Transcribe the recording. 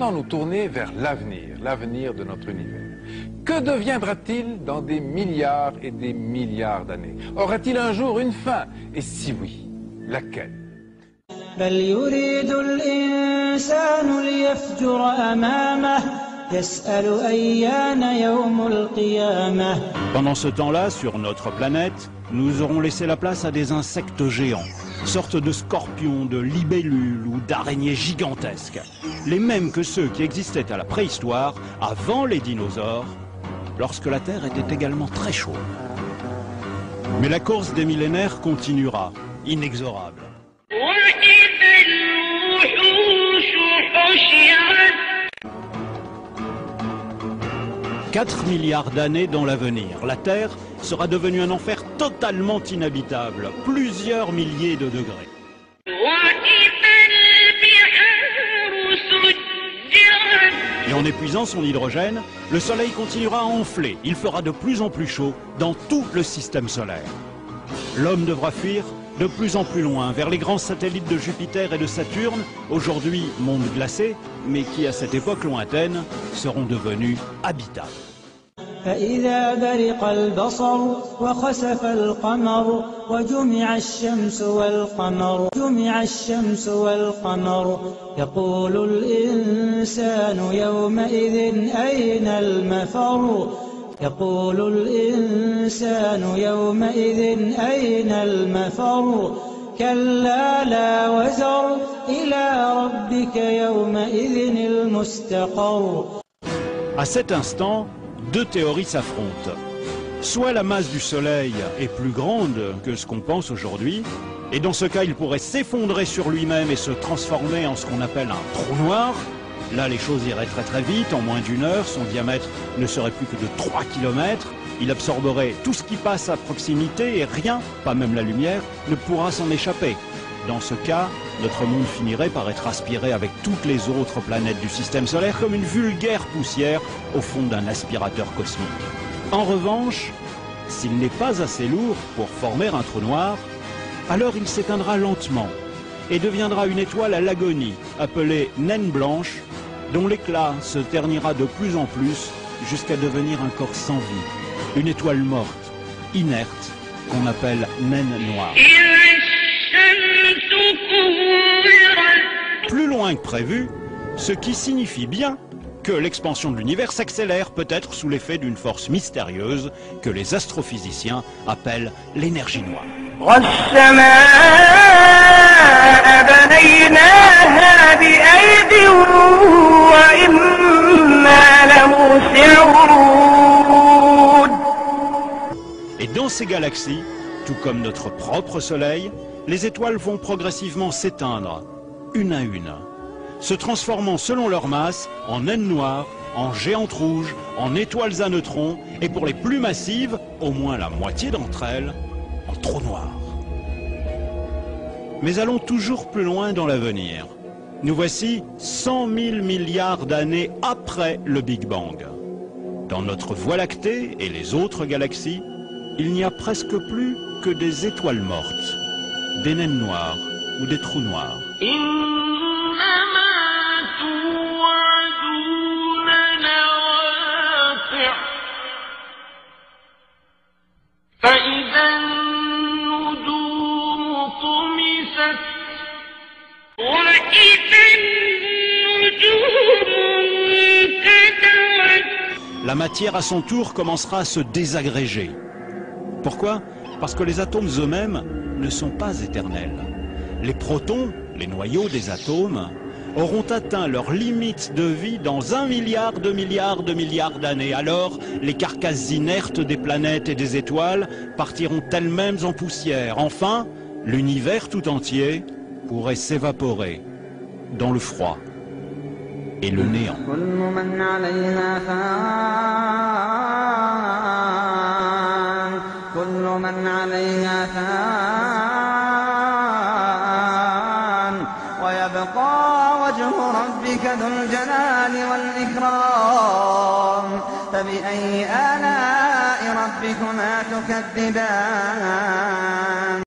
allons nous tourner vers l'avenir, l'avenir de notre univers. Que deviendra-t-il dans des milliards et des milliards d'années Aura-t-il un jour une fin Et si oui, laquelle pendant ce temps-là, sur notre planète, nous aurons laissé la place à des insectes géants, sortes de scorpions, de libellules ou d'araignées gigantesques, les mêmes que ceux qui existaient à la préhistoire, avant les dinosaures, lorsque la Terre était également très chaude. Mais la course des millénaires continuera, inexorable. 4 milliards d'années dans l'avenir, la Terre sera devenue un enfer totalement inhabitable, plusieurs milliers de degrés. Et en épuisant son hydrogène, le Soleil continuera à enfler. Il fera de plus en plus chaud dans tout le système solaire. L'homme devra fuir de plus en plus loin, vers les grands satellites de Jupiter et de Saturne, aujourd'hui monde glacés, mais qui à cette époque lointaine seront devenus habitables. À cet instant, deux théories s'affrontent. Soit la masse du Soleil est plus grande que ce qu'on pense aujourd'hui, et dans ce cas il pourrait s'effondrer sur lui-même et se transformer en ce qu'on appelle un trou noir, Là, les choses iraient très très vite. En moins d'une heure, son diamètre ne serait plus que de 3 km. Il absorberait tout ce qui passe à proximité et rien, pas même la lumière, ne pourra s'en échapper. Dans ce cas, notre monde finirait par être aspiré avec toutes les autres planètes du système solaire comme une vulgaire poussière au fond d'un aspirateur cosmique. En revanche, s'il n'est pas assez lourd pour former un trou noir, alors il s'éteindra lentement et deviendra une étoile à l'agonie, appelée naine blanche dont l'éclat se ternira de plus en plus jusqu'à devenir un corps sans vie, une étoile morte, inerte, qu'on appelle naine noire. Plus loin que prévu, ce qui signifie bien que l'expansion de l'univers s'accélère peut-être sous l'effet d'une force mystérieuse que les astrophysiciens appellent l'énergie noire. Et dans ces galaxies, tout comme notre propre Soleil, les étoiles vont progressivement s'éteindre, une à une, se transformant selon leur masse en naines noires, en géantes rouges, en étoiles à neutrons, et pour les plus massives, au moins la moitié d'entre elles, en trous noirs. Mais allons toujours plus loin dans l'avenir. Nous voici 100 000 milliards d'années après le Big Bang. Dans notre Voie lactée et les autres galaxies, il n'y a presque plus que des étoiles mortes, des naines noires ou des trous noirs. la matière à son tour commencera à se désagréger. Pourquoi Parce que les atomes eux-mêmes ne sont pas éternels. Les protons, les noyaux des atomes, auront atteint leur limite de vie dans un milliard de milliards de milliards d'années. Alors, les carcasses inertes des planètes et des étoiles partiront elles-mêmes en poussière. Enfin, l'univers tout entier pourrait s'évaporer dans le froid. et le néant. ويبقى وجه ربك ذو الجلال والإكرام فبأي آلاء ربكما تكذبان